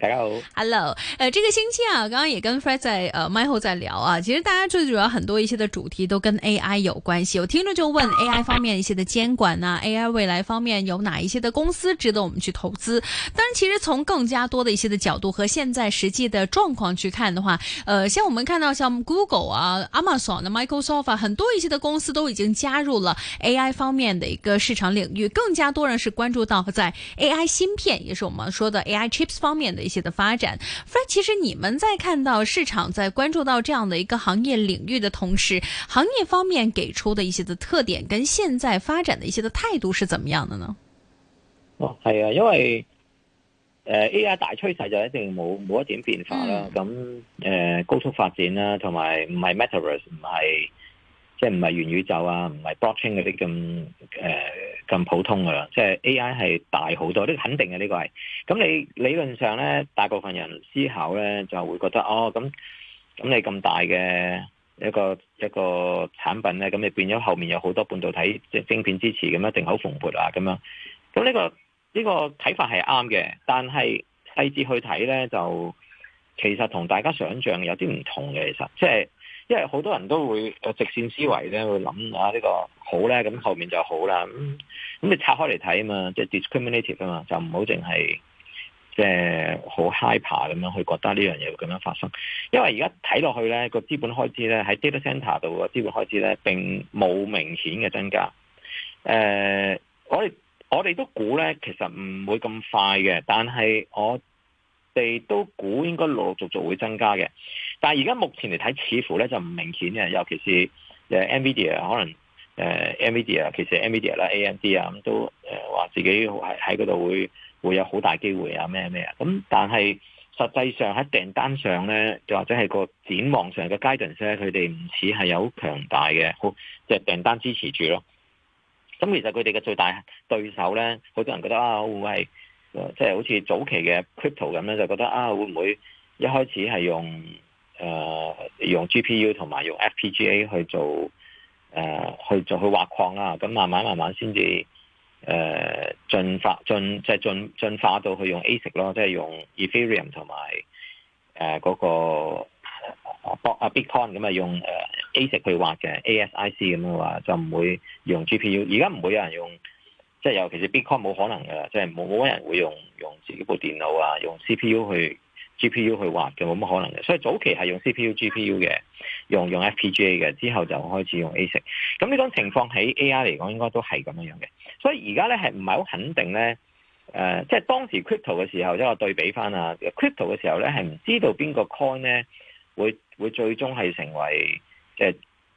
大家好，Hello，呃，這個星期啊，剛剛也跟 Fred 在呃麥後在聊啊，其實大家最主要很多一些的主題都跟 AI 有關係，我聽着就問 AI 方面一些的監管呐、啊、AI 未來方面有哪一些的公司值得我們去投資？當然，其實從更加多的一些的角度和現在實際的狀況去看的話，呃，像我們看到像 Google 啊、Amazon、Microsoft 啊，很多一些的公司都已經加入了 AI 方面的一個市場領域，更加多人是關注到在 AI 芯片，也是我們說的 AI chips 方面。面的一些的發展，咁其實你們在看到市場在關注到這樣的一個行業領域的同時，行業方面給出的一些的特點，跟現在發展的一些的態度是怎麼樣的呢？哦，係啊，因為誒、呃、AI 大趨勢就一定冇冇一點變化啦，咁誒、嗯呃、高速發展啦、啊，同埋唔係 metaverse 唔係。即係唔係元宇宙啊，唔係 Blockchain 嗰啲咁誒咁普通噶啦，即係 AI 係大好多，呢個肯定嘅呢個係。咁你理論上咧，大部分人思考咧就會覺得，哦咁咁你咁大嘅一個一個產品咧，咁你變咗後面有好多半導體晶晶片支持咁樣，定好蓬勃啊咁樣。咁呢個呢個睇法係啱嘅，但係細節去睇咧就其實同大家想象有啲唔同嘅，其實即係。因為好多人都會有直線思維咧，會諗啊呢個好咧，咁後面就好啦。咁、嗯、咁你拆開嚟睇啊嘛，即係 discriminative 啊嘛，就唔好淨係即係好 hype 怕咁樣去覺得呢樣嘢會咁樣發生。因為而家睇落去咧，個資本開支咧喺 data center 度個資本開支咧並冇明顯嘅增加。誒、呃，我哋我哋都估咧，其實唔會咁快嘅，但係我哋都估應該陸陸續續會增加嘅。但係而家目前嚟睇，似乎咧就唔明顯嘅，尤其是誒 NVIDIA 可能誒、呃、NVIDIA，其實 NVIDIA 啦，AMD 啊咁都誒話、呃、自己喺喺嗰度會會有好大機會啊咩咩啊咁，但係實際上喺訂單上咧，就或者係個展望上嘅 guidance 咧，佢哋唔似係有好強大嘅，好即係、就是、訂單支持住咯。咁其實佢哋嘅最大對手咧，好多人覺得啊，會唔會即係、就是、好似早期嘅 crypto 咁咧，就覺得啊會唔會一開始係用？用 GPU 同埋用 FPGA 去做，誒、呃、去做去挖礦啦。咁慢慢慢慢先至誒進化，進即係、就是、進進化到去用 ASIC 咯，即係用 Ethereum 同埋誒、呃、嗰、那個啊啊 Bitcoin 咁啊用誒 ASIC 去挖嘅 ASIC 咁嘅話，就唔會用 GPU。而家唔會有人用，即係尤其是 Bitcoin 冇可能㗎喇，即係冇冇人會用用自己部電腦啊，用 CPU 去。G P U 去挖嘅冇乜可能嘅，所以早期係用 C P U G P U 嘅，用用 F P G A 嘅，之後就開始用 ASIC。咁呢種情況喺 A I 嚟講應該都係咁樣樣嘅。所以而家咧係唔係好肯定咧？誒、呃，即係當時 crypto 嘅時候，即我對比翻啊，crypto 嘅時候咧係唔知道邊個 coin 咧會會最終係成為即係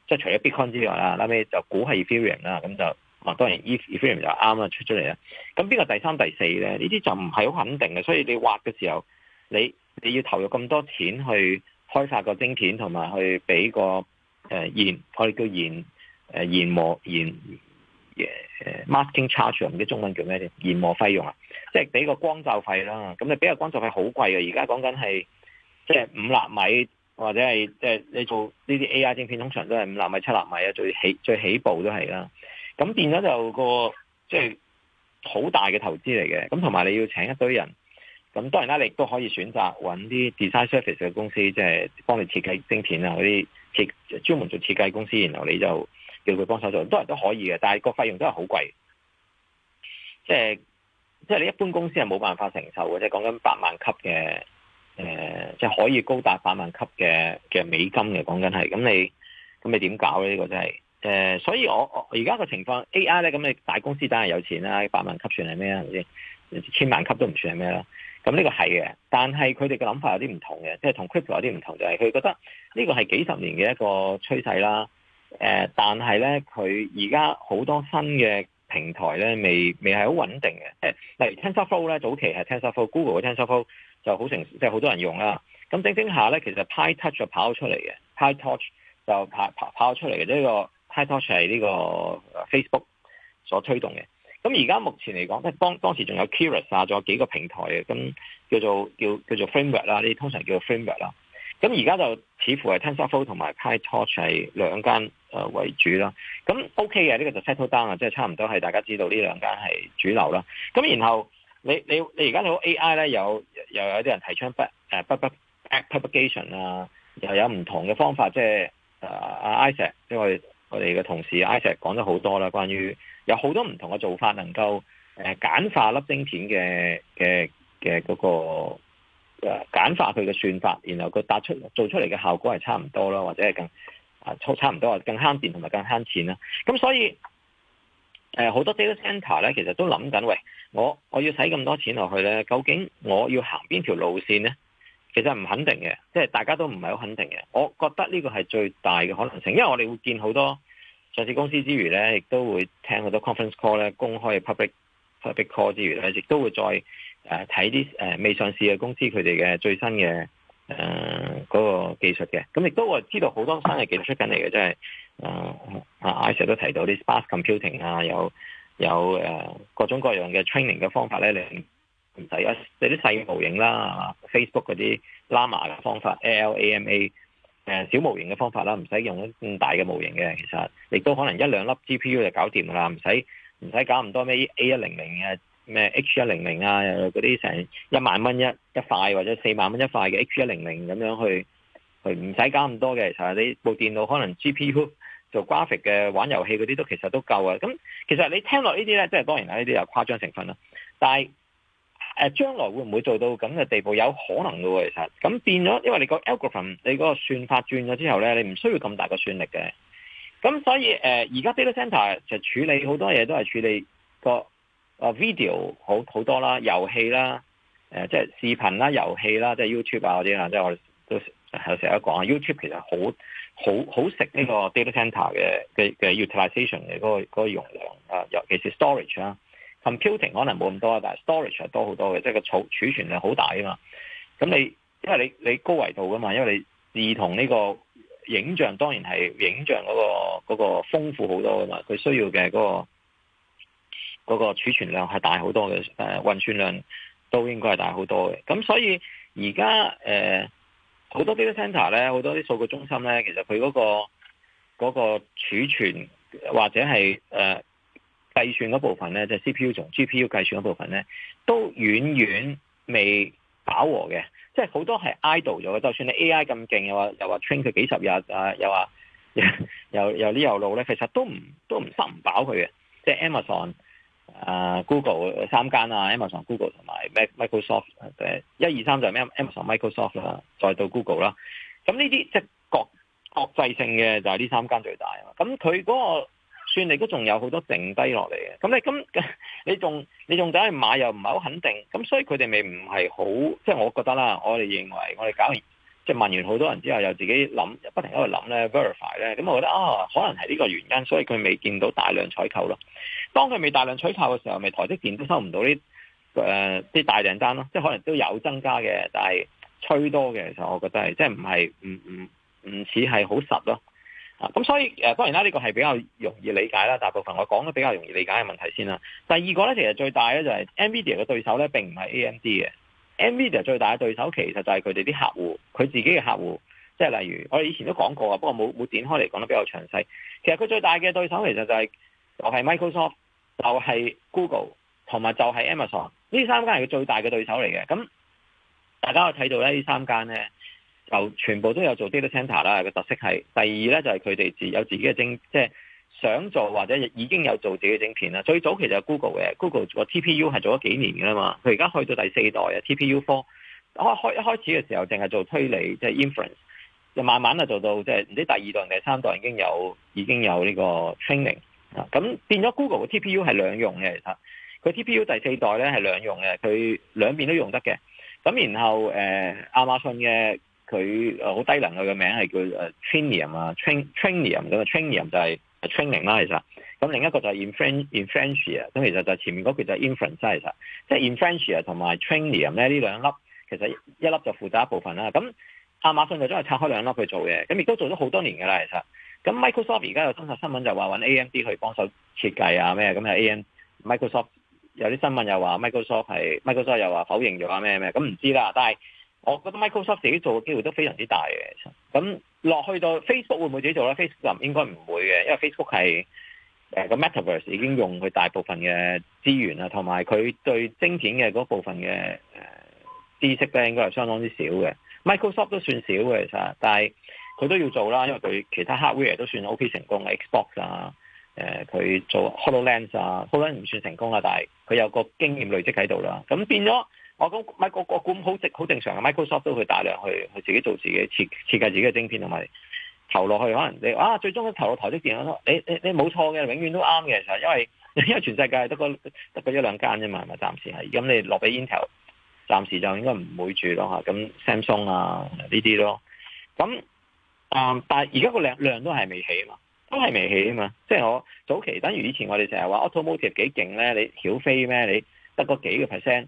即係除咗 Bitcoin 之外啦，後、啊、屘就估係 Ethereum 啦，咁就啊當然 E Ethereum 就啱啦出出嚟啦。咁邊個第三第四咧？呢啲就唔係好肯定嘅，所以你挖嘅時候你。你要投入咁多錢去開發個晶片，同埋去俾個誒研、呃，我哋叫研誒研磨研誒、呃、masking charge 唔、啊、知中文叫咩研磨費用啊，即係俾個光罩費啦。咁你俾個光罩費好貴啊，而家講緊係即係五納米或者係即係你做呢啲 AI 晶片，通常都係五納米、七納米啊，最起最起步都係啦。咁變咗就個即係好大嘅投資嚟嘅。咁同埋你要請一堆人。咁當然啦，你亦都可以選擇揾啲 design service 嘅公司，即係幫你設計晶片啊，嗰啲設專門做設計公司，然後你就叫佢幫手做，都係都可以嘅。但係個費用都係好貴，即係即係你一般公司係冇辦法承受嘅。即係講緊百萬級嘅，誒，即係可以高達百萬級嘅嘅美金嘅，講緊係。咁你咁你點搞咧？呢個真係誒，所以我我而家個情況 AI 咧，咁你大公司當然有錢啦，百萬級算係咩先？千萬級都唔算係咩啦。咁呢個係嘅，但係佢哋嘅諗法有啲唔同嘅，即係同 Crypto 有啲唔同，就係、是、佢覺得呢個係幾十年嘅一個趨勢啦。誒、呃，但係咧，佢而家好多新嘅平台咧，未未係好穩定嘅。誒，例如 TensorFlow 咧，早期係 TensorFlow，Google 嘅 TensorFlow 就好成即係好多人用啦。咁整整下咧，其實 PyTorch 就跑咗出嚟嘅，PyTorch 就跑跑跑出嚟嘅，呢、這個 PyTorch 係呢個 Facebook 所推動嘅。咁而家目前嚟講，即係當當時仲有 Keras、e、啊，仲有幾個平台嘅，咁叫做叫叫做 framework 啦，呢啲通常叫做 framework 啦。咁而家就似乎係 TensorFlow 同埋 PyTorch 係兩間誒為主啦。咁 OK 嘅，呢、呢個就 settle down 啊，即係差唔多係大家知道呢兩間係主流啦。咁然後你你你而家睇到 AI 咧，有又有啲人提倡不誒不不 app application 啊，又有唔同嘅方法，即係誒阿、uh, Isaac 即係我哋我哋嘅同事 Isaac 講咗好多啦，關於。有好多唔同嘅做法，能夠誒簡化粒晶片嘅嘅嘅嗰個誒簡化佢嘅算法，然後佢打出做出嚟嘅效果係差唔多啦，或者係更啊差唔多啊，多更慳電同埋更慳錢啦。咁所以誒好、呃、多 data centre 咧，其實都諗緊，喂，我我要使咁多錢落去咧，究竟我要行邊條路線咧？其實唔肯定嘅，即係大家都唔係好肯定嘅。我覺得呢個係最大嘅可能性，因為我哋會見好多。上市公司之餘咧，亦都會聽好多 conference call 咧，公開嘅 public public call 之餘咧，亦都會再誒睇啲誒未上市嘅公司佢哋嘅最新嘅誒嗰個技術嘅。咁亦都會知道好多新嘅技術出緊嚟嘅，即係誒阿艾 Sir 都提到啲 sparse computing 啊，有有誒、呃、各種各樣嘅 training 嘅方法咧，你唔使一即係啲細模型啦、啊，Facebook 嗰啲 Llama 嘅方法，L A M A。誒、嗯、小模型嘅方法啦，唔使用咁大嘅模型嘅，其實亦都可能一兩粒 G P U 就搞掂噶啦，唔使唔使搞咁多咩 A 一零零啊，咩 H 一零零啊，嗰啲成一萬蚊一一塊或者四萬蚊一塊嘅 H 一零零咁樣去去唔使搞咁多嘅，其實你部電腦可能 G P U 做 graphic 嘅玩遊戲嗰啲都其實都夠啊。咁其實你聽落呢啲咧，即係當然啦，呢啲有誇張成分啦，但係。誒將來會唔會做到咁嘅地步？有可能嘅喎，其實咁變咗，因為你個 algorithm，你嗰個算法轉咗之後咧，你唔需要咁大個算力嘅。咁所以誒，而家 data center 就處理好多嘢，都係處理個啊 video 好好多啦，遊戲啦，誒即係視頻啦，遊戲啦，即係 YouTube 啊嗰啲啊，即係我哋都有成日講啊。YouTube 其實好好好食呢個 data center 嘅嘅嘅 utilization 嘅嗰個容量啊，尤其是 storage 啦。computing 可能冇咁多啊，但係 storage 係多好多嘅，即係個儲儲存量好大啊嘛。咁你因為你你高維度噶嘛，因為你視同呢個影像，當然係影像嗰、那個嗰、那個豐富好多噶嘛，佢需要嘅嗰、那個嗰、那個儲存量係大好多嘅，誒、呃、運算量都應該係大好多嘅。咁所以而家誒好多 data centre 咧，好多啲數據中心咧，其實佢嗰、那個嗰、那個儲存或者係誒。呃計算嗰部分咧，即係、C P U 同 G P U 計算嗰部分咧，都遠遠未飽和嘅。即係好多係 idle 咗嘅。就算你 A I 咁勁，嘅話又話 train 佢幾十日啊，又話又又啲又路咧，其實都唔都唔塞唔飽佢嘅。即係 Amazon 啊、Google 三間啊，Amazon、Google 同埋 Microsoft 嘅一二三就係 Amazon、Microsoft 啦，再到 Google 啦。咁呢啲即係國國際性嘅就係、係、呢三間最大啊。咁佢嗰個。算你都仲有好多剩低落嚟嘅，咁你咁你仲你仲走去買又唔係好肯定，咁所以佢哋咪唔係好，即係我覺得啦，我哋認為我哋搞完，即係問完好多人之後，又自己諗，不停喺度諗咧 verify 咧，咁我覺得啊，可能係呢個原因，所以佢未見到大量採購咯。當佢未大量採購嘅時候，咪台積電都收唔到呢誒啲大訂單咯，即係可能都有增加嘅，但係吹多嘅，其實我覺得係即係唔係唔唔唔似係好實咯。咁、嗯、所以誒、呃，當然啦，呢個係比較容易理解啦。大部分我講得比較容易理解嘅問題先啦。第二個呢，其實最大呢就係、是、NVIDIA 嘅對手呢，並唔係 AMD 嘅。NVIDIA 最大嘅對手其實就係佢哋啲客戶，佢自己嘅客戶，即係例如我哋以前都講過啊，不過冇冇點開嚟講得比較詳細。其實佢最大嘅對手其實就係就係 Microsoft，就係 Google，同埋就係 Amazon。呢三間係佢最大嘅對手嚟嘅。咁大家可以睇到呢，呢三間呢。就全部都有做 data center 啦，個特色係第二咧就係佢哋自有自己嘅晶，即係想做或者已經有做自己嘅晶片啦。最早其實 Go Google 嘅，Google 個 TPU 係做咗幾年嘅啦嘛。佢而家去到第四代嘅 TPU Four，一開，開，開始嘅時候淨係做推理，即係 inference，就慢慢啊做到即係唔知第二代、第三代已經有已經有呢個 training 啊。咁變咗 Google 嘅 TPU 係兩用嘅，其實佢 TPU 第四代咧係兩用嘅，佢兩邊都用得嘅。咁然後誒，亞馬遜嘅。佢誒好低能，佢個名係叫誒 Trainium 啊 Trainium 咁啊 Trainium 就係 training 啦，其實咁另一個就係 inference inference 咁其實就係前面句就係 inference 其實即係 inference 同埋 Trainium 咧，呢兩粒其實一粒就負責一部分啦，咁亞馬遜就將係拆開兩粒去做嘅，咁亦都做咗好多年噶啦，其實咁 Microsoft 而家有通常新聞就話揾 AMD 去幫手設計啊咩咁係 AM Microsoft 有啲新聞又話 Microsoft 係 Microsoft 又話否認咗話咩咩咁唔知啦但係我覺得 Microsoft 自己做嘅機會都非常之大嘅，咁落去到 Facebook 會唔會自己做呢？Facebook 應該唔會嘅，因為 Facebook 係誒個、呃、Metaverse 已經用佢大部分嘅資源啦，同埋佢對晶片嘅嗰部分嘅、呃、知識呢應該係相當之少嘅。Microsoft 都算少嘅，其實，但係佢都要做啦，因為佢其他 hardware 都算 OK 成功嘅，Xbox 啊，誒、呃、佢做 Hololens 啊，Hololens 唔算成功啊，但係佢有個經驗累積喺度啦，咁變咗。我講 Mic，個個股好正，好正常嘅。Microsoft 都去大量去，去自己做自己設設計自己嘅晶片，同埋投落去可能你啊，最終都投落台積電咯。你你你冇錯嘅，永遠都啱嘅，就係因為因為全世界得個得一兩間啫嘛，咪暫時係。咁你落俾 Intel，暫時就應該唔會住咯嚇。咁 Samsung 啊呢啲咯，咁啊、嗯、但係而家個量量都係未起啊嘛，都係未起啊嘛。即係我早期等於以前我哋成日話 Automotive 幾勁咧，你曉飛咩？你得個幾個 percent。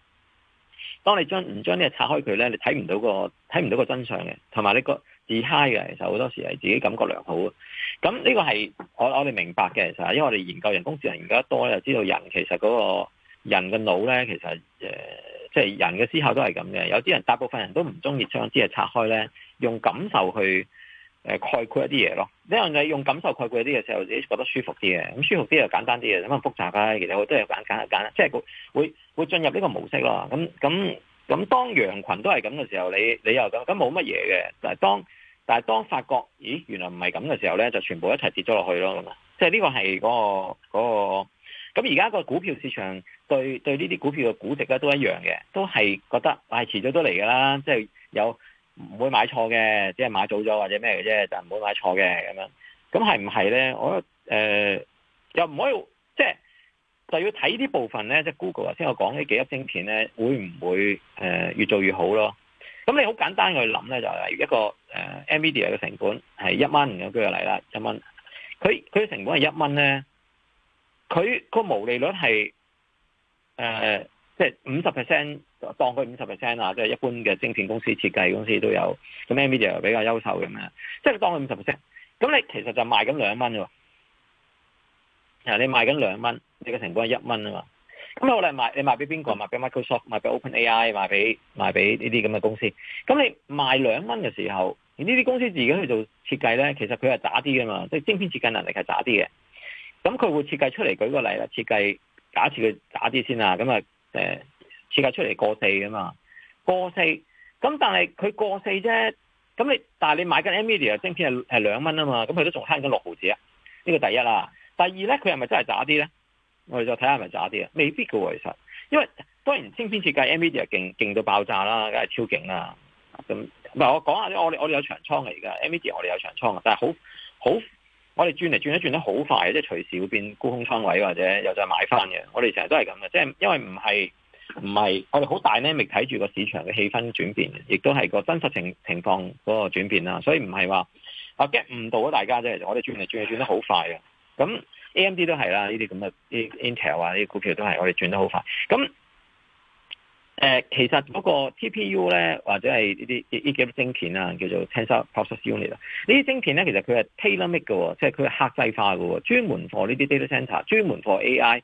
當你將唔將呢嘢拆開佢咧，你睇唔到個睇唔到個真相嘅，同埋你個自嗨嘅，其實好多時係自己感覺良好啊。咁呢個係我我哋明白嘅，其實因為我哋研究人工智能研究得多咧，就知道人其實嗰個人嘅腦咧，其實誒即係人嘅思考都係咁嘅。有啲人大部分人都唔中意將啲嘢拆開咧，用感受去。誒概括一啲嘢咯，一樣你用感受概括一啲嘅時候，自己覺得舒服啲嘅，咁舒服啲又簡單啲嘅，咁啊複雜啦、啊，其實我都係簡簡簡單，即係會會進入呢個模式咯。咁咁咁，當羊群都係咁嘅時候，你你又咁，咁冇乜嘢嘅。但係當但係當發覺，咦，原來唔係咁嘅時候咧，就全部一齊跌咗落去咯。咁啊、嗰個，即係呢個係嗰個。咁而家個股票市場對對呢啲股票嘅估值咧都一樣嘅，都係覺得係遲早都嚟㗎啦。即、就、係、是、有。唔會買錯嘅、呃，即係買早咗或者咩嘅啫，就唔會買錯嘅咁樣。咁係唔係咧？我誒又唔可以即係就要睇呢啲部分咧，即係 Google 頭先我講啲幾粒晶片咧，會唔會誒、呃、越做越好咯？咁你好簡單去諗咧，就例、係、一個誒 Media 嘅成本係一蚊，我舉個例啦，一蚊。佢佢嘅成本係一蚊咧，佢個毛利率係誒即係五十 percent。呃就是當佢五十 percent 啊，即係、就是、一般嘅晶片公司、設計公司都有。咁 Nvidia 比較優秀咁樣，即係當佢五十 percent。咁你其實就賣緊兩蚊喎。嗱，你賣緊兩蚊，你嘅成本係一蚊啊嘛。咁我嚟賣，你賣俾邊個？賣俾 Microsoft，賣俾 OpenAI，賣俾賣俾呢啲咁嘅公司。咁你賣兩蚊嘅時候，呢啲公司自己去做設計咧，其實佢係渣啲嘅嘛，即係晶片設計能力係渣啲嘅。咁佢會設計出嚟，舉個例啦，設計，假設佢渣啲先啊。咁啊，誒、呃。設計出嚟過四啊嘛，過四咁，但係佢過四啫，咁你但係你買緊 NVIDIA 晶片係係兩蚊啊嘛，咁佢都仲慳緊六毫子啊，呢、這個第一啦。第二咧，佢係咪真係渣啲咧？我哋就睇下係咪渣啲啊，未必噶喎，其實，因為當然晶片設計 NVIDIA 係勁勁到爆炸啦，梗係超勁啦。咁唔係我講下啲，我哋我哋有長倉嚟噶，NVIDIA 我哋有長倉，但係好好我哋轉嚟轉都轉得好快嘅，即係隨時會變沽空倉位或者又再買翻嘅。我哋成日都係咁嘅，即係因為唔係。唔係，我哋好大咧，未睇住個市場嘅氣氛轉變，亦都係個真實情情況嗰個轉變啦。所以唔係話我嘅誤導咗大家啫、呃。其實我哋轉嚟轉去轉得好快啊。咁 A M D 都係啦，呢啲咁嘅啲 Intel 啊，呢啲股票都係我哋轉得好快。咁誒，其實嗰個 T P U 咧，或者係呢啲呢幾粒晶片啊，叫做 Tensor Processing Unit 啊，呢啲晶片咧，其實佢係 tailor-made 嘅，即係佢係客製化嘅、哦，專門 for 呢啲 data centre，e 專門 for A I。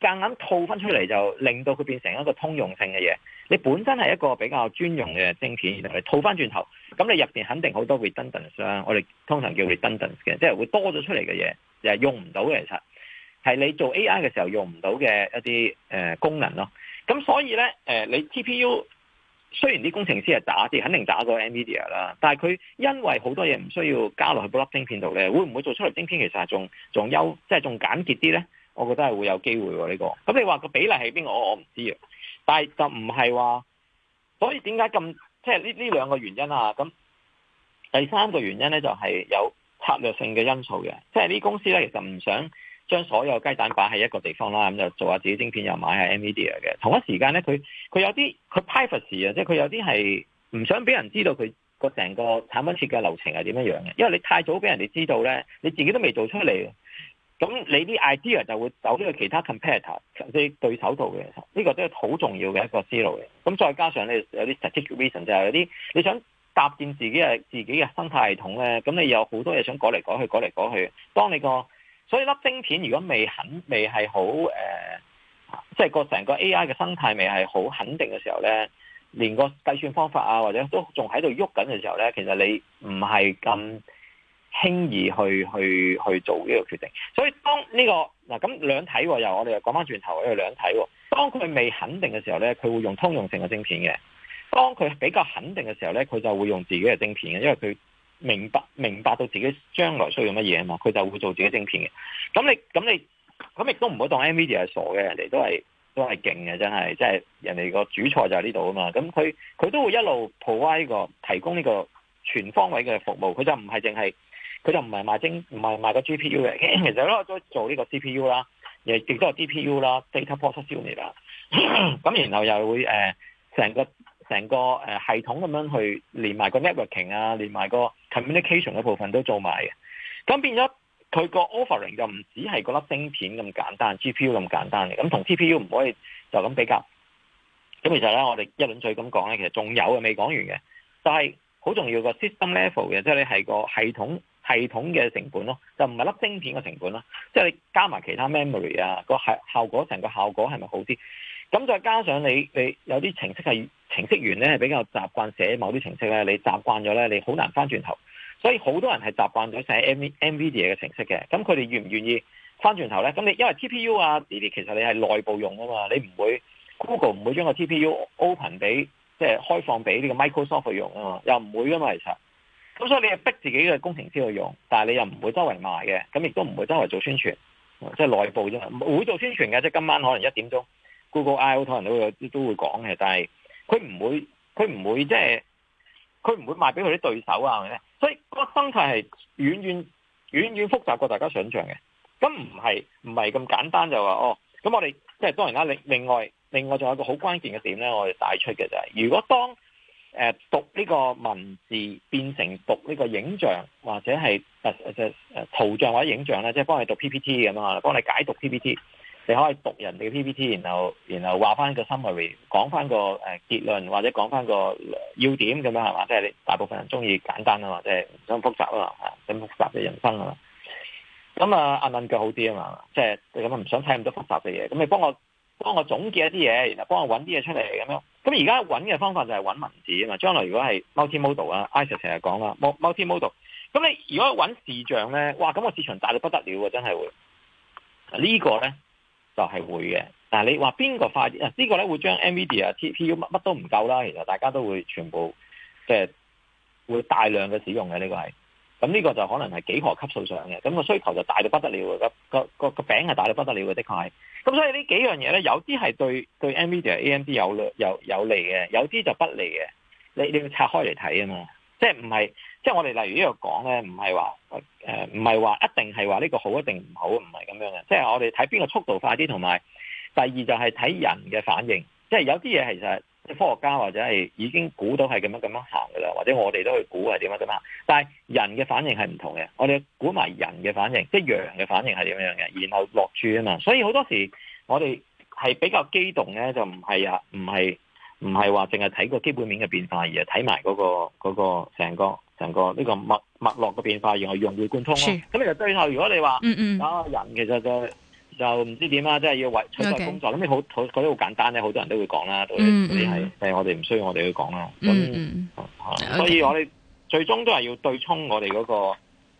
夾硬套翻出嚟就令到佢變成一個通用性嘅嘢。你本身係一個比較專用嘅晶片，然後你套翻轉頭，咁你入邊肯定好多 redundancy 啊！我哋通常叫 redundancy 嘅，即係會多咗出嚟嘅嘢，又、就、係、是、用唔到嘅。其實係你做 AI 嘅時候用唔到嘅一啲誒、呃、功能咯。咁所以咧，誒、呃、你 TPU，雖然啲工程師係打啲，肯定打過 Nvidia 啦，但係佢因為好多嘢唔需要加落去部粒晶片度咧，會唔會做出嚟晶片其實仲仲優，即係仲簡潔啲咧？我覺得係會有機會喎，呢個咁你話個比例係邊個？我我唔知啊，但係就唔係話，所以點解咁即係呢呢兩個原因啊？咁第三個原因咧就係有策略性嘅因素嘅，即係呢公司咧其實唔想將所有雞蛋擺喺一個地方啦，咁就做下自己晶片又買下 Nvidia 嘅。同一時間咧，佢佢有啲佢 private 呀，即係佢有啲係唔想俾人知道佢個成個產品設計流程係點樣樣嘅，因為你太早俾人哋知道咧，你自己都未做出嚟。咁你啲 idea 就會走呢個其他 competitor 即對手度嘅，呢個都係好重要嘅一個思路嘅。咁再加上你有啲 s technical reason 就係有啲你想搭建自己嘅自己嘅生態系統咧，咁你有好多嘢想改嚟改去，改嚟改去。當你個所以粒晶片如果未肯未係好誒，即係個成個 AI 嘅生態未係好肯定嘅時候咧，連個計算方法啊或者都仲喺度喐緊嘅時候咧，其實你唔係咁。嗯輕易去去去做呢個決定，所以當呢、呢個嗱咁、啊、兩睇又我哋又講翻轉頭，又兩睇。當佢未肯定嘅時候呢，佢會用通用性嘅晶片嘅；當佢比較肯定嘅時候呢，佢就會用自己嘅晶片嘅，因為佢明白明白到自己將來需要乜嘢啊嘛，佢就會做自己晶片嘅。咁你咁你咁亦都唔好當 NVIDIA 係傻嘅，人哋都係都係勁嘅，真係即係人哋個主菜就喺呢度啊嘛。咁佢佢都會一路 provide 呢個提供呢個全方位嘅服務，佢就唔係淨係。佢就唔係賣晶，唔係賣個 G P U 嘅，其實咧都做呢個 C P U 啦，亦亦都係 G P U 啦，data processing 啦，咁然後又會誒成、呃、個成個誒、呃、系統咁樣去連埋個 networking 啊，連埋個 communication 嘅部分都做埋嘅，咁變咗佢個 offering 就唔止係嗰粒晶片咁簡單，G P U 咁簡單嘅，咁同 T P U 唔可以就咁比較。咁其實咧，我哋一輪嘴咁講咧，其實仲有嘅未講完嘅，但係好重要個 system level 嘅，即係你係個系統。系統嘅成本咯，就唔係粒晶片嘅成本啦，即係你加埋其他 memory 啊，嗰個係效果成個效果係咪好啲？咁再加上你你有啲程式係程式員咧係比較習慣寫某啲程式咧，你習慣咗咧，你好難翻轉頭。所以好多人係習慣咗寫 NV NVIDIA 嘅程式嘅，咁佢哋願唔願意翻轉頭咧？咁你因為 T P U 啊，其實你係內部用啊嘛，你唔會 Google 唔會將個 T P U open 俾即係開放俾呢個 Microsoft 去用啊嘛，又唔會啊嘛，其實。咁所以你係逼自己嘅工程師去用，但係你又唔會周圍賣嘅，咁亦都唔會周圍做宣傳，即係內部啫。會做宣傳嘅，即係今晚可能一點鐘，Google I/O 可能都會都都會講嘅。但係佢唔會，佢唔會即係佢唔會賣俾佢啲對手啊。所以個生態系遠遠遠遠複雜過大家想象嘅。咁唔係唔係咁簡單就話、是、哦。咁我哋即係當然啦。另外另外另外仲有一個好關鍵嘅點咧、就是，我哋帶出嘅就係如果當。誒讀呢個文字變成讀呢個影像，或者係誒誒誒圖像或者影像咧，即係幫你讀 PPT 咁樣，幫你解讀 PPT。你可以讀人哋嘅 PPT，然後然後話翻個 summary，講翻個誒、呃、結論或者講翻個要點咁樣係嘛？即係你大部分人中意簡單啊嘛，即係唔想複雜啊嘛，係唔想複雜嘅人生啊嘛。咁啊，阿敏腳好啲啊嘛，即係咁唔想睇咁多複雜嘅嘢。咁你幫我。幫我總結一啲嘢，然後幫我揾啲嘢出嚟咁樣。咁而家揾嘅方法就係揾文字啊嘛。將來如果係 multi-modal 啊，Isaac 成日講啦，multi-modal。咁你如果揾視像咧，哇！咁個市場大到不得了啊，真係會。呢個咧就係會嘅。但係，你話邊個快啲啊？呢個咧會將 NVIDIA 啊、TPU 乜乜都唔夠啦。其實大家都會全部即係會大量嘅使用嘅。呢個係。咁呢個就可能係幾何級數上嘅，咁、個需求就大到不得了嘅、個，個個個餅係大到不得了嘅，的確係。咁所以呢幾樣嘢咧，有啲係對對 NVIDIA、AMD 有利有有利嘅，有啲就不利嘅。你你要拆開嚟睇啊嘛，即係唔係即係我哋例如呢個講咧，唔係話誒唔係話一定係話呢個好一定唔好，唔係咁樣嘅。即係我哋睇邊個速度快啲，同埋第二就係睇人嘅反應。即係有啲嘢其實。科學家或者係已經估到係咁樣咁樣行噶啦，或者我哋都去估係點樣咁樣，但係人嘅反應係唔同嘅。我哋估埋人嘅反應，即係羊嘅反應係點樣嘅，然後落注啊嘛。所以好多時我哋係比較機動咧，就唔係啊，唔係唔係話淨係睇個基本面嘅變化，而係睇埋嗰個嗰個成個成個呢個脈脈絡嘅變化，然後融會貫通咯。咁其實最後如果你話啊、嗯嗯哦、人其實就係，就唔知點啦，即係要為取代工作咁，你好好嗰啲好簡單咧，好多人都會講啦。你係、mm，但、hmm. 係我哋唔需要我哋去講啦。咁，所以我哋最終都係要對沖我哋嗰、那個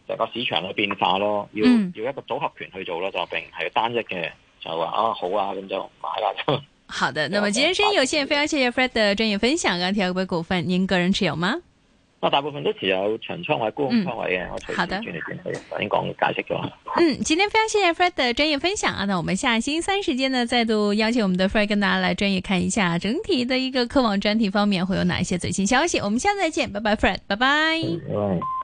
就個市場嘅變化咯，要、mm hmm. 要一個組合權去做咯，就並唔係單一嘅就話啊好啊咁就買啊就好的， 那麼今天時間有限，非常謝謝 Fred 嘅專業分享。鋼鐵股股份，您個人持有嗎？啊，大部分都持有長倉位、高控倉位嘅，嗯、我除咗轉嚟去，的我已經講解釋咗嗯，今天非常謝謝 Fred 的專業分享啊！那我們下星期三時間呢，再度邀請我們的 Fred 跟大家來專業看一下整體的一個科網專題方面會有哪一些最新消息。我們下次再見，拜拜，Fred，拜拜。拜拜